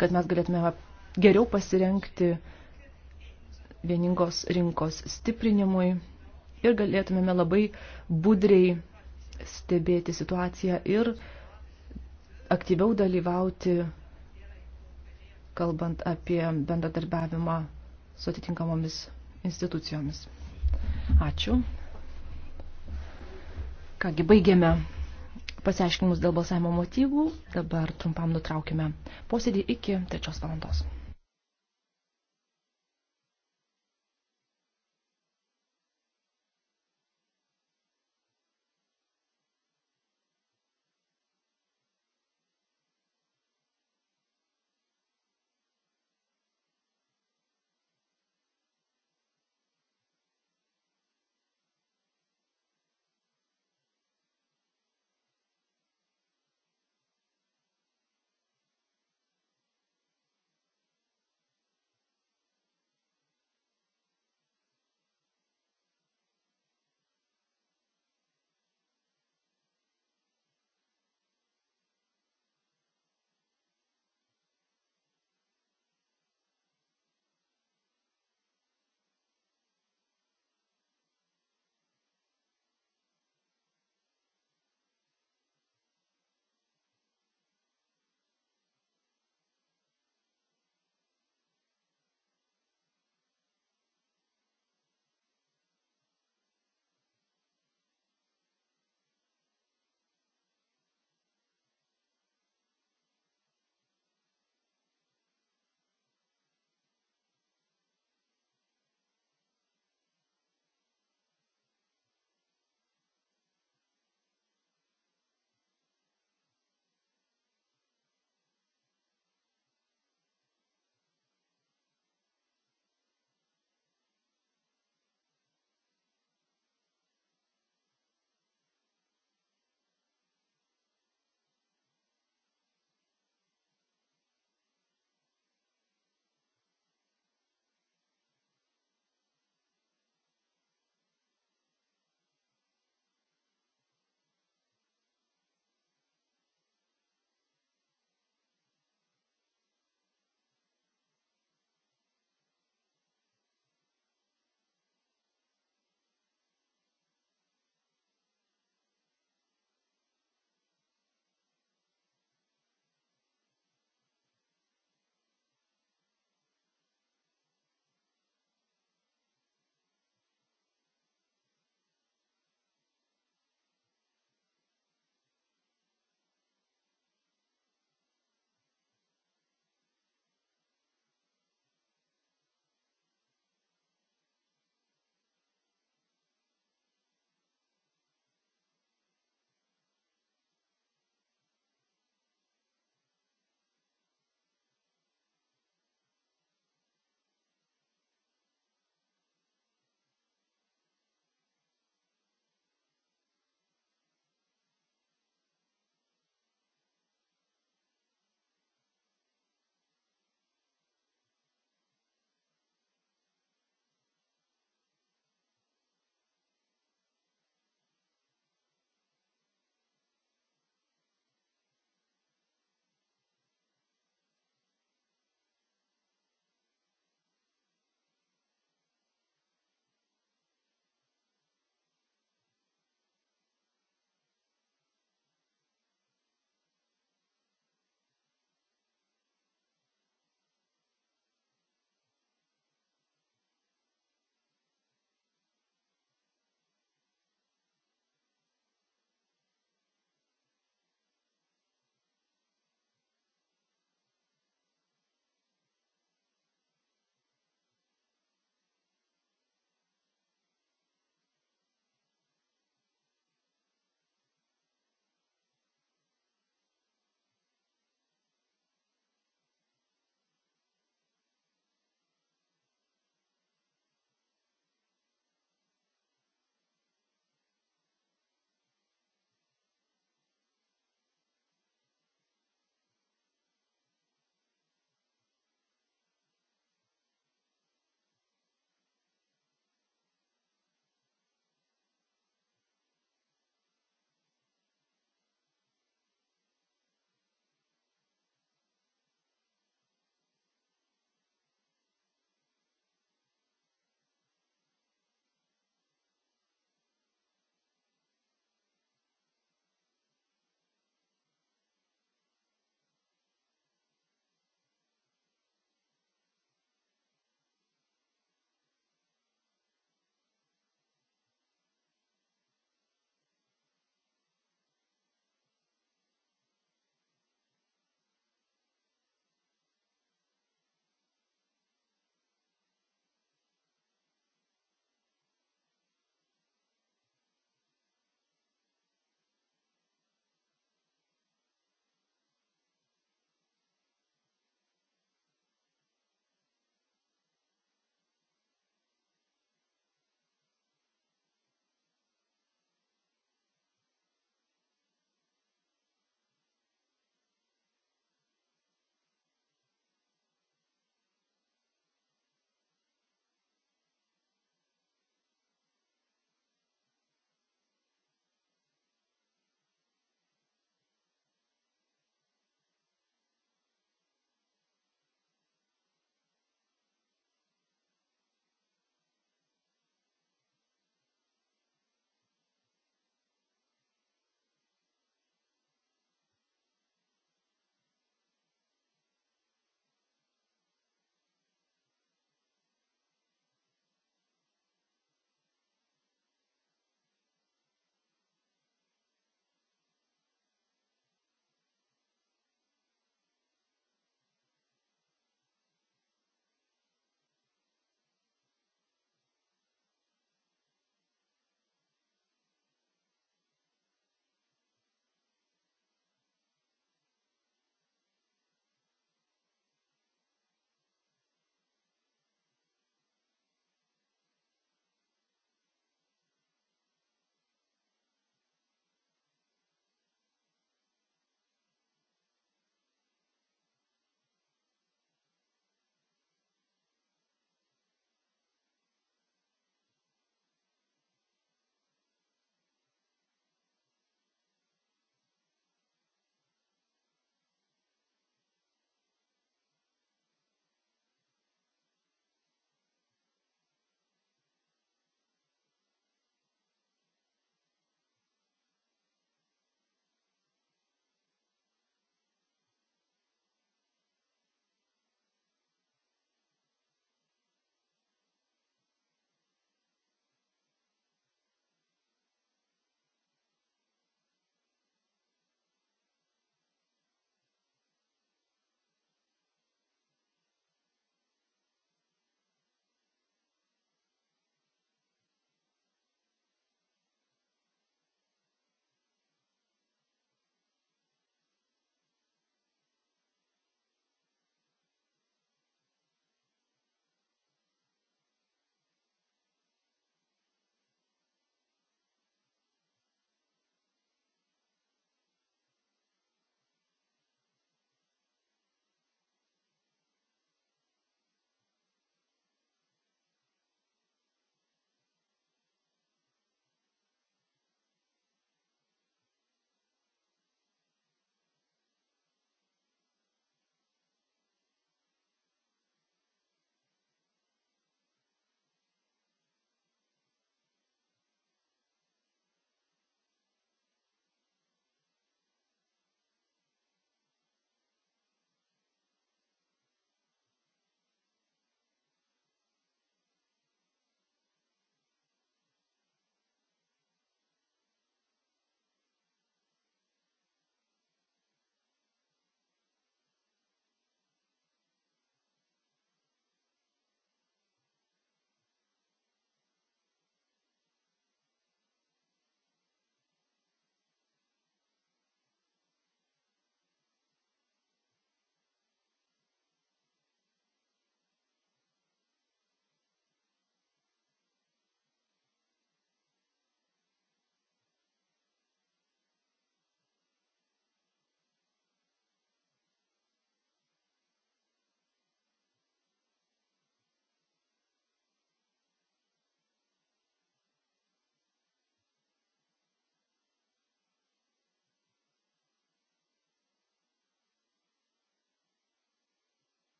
kad mes galėtume geriau pasirenkti vieningos rinkos stiprinimui ir galėtumėme labai budriai stebėti situaciją ir aktyviau dalyvauti, kalbant apie bendradarbiavimą su atitinkamomis institucijomis. Ačiū. Kągi, baigėme pasiaiškinimus dėl balsavimo motyvų. Dabar trumpam nutraukime posėdį iki trečios valandos.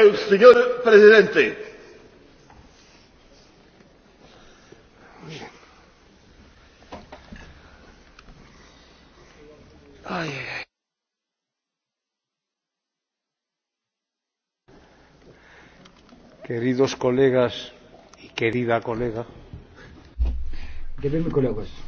el señor presidente. Ay, ay. Queridos colegas y querida colega. Gerbiami kolegos.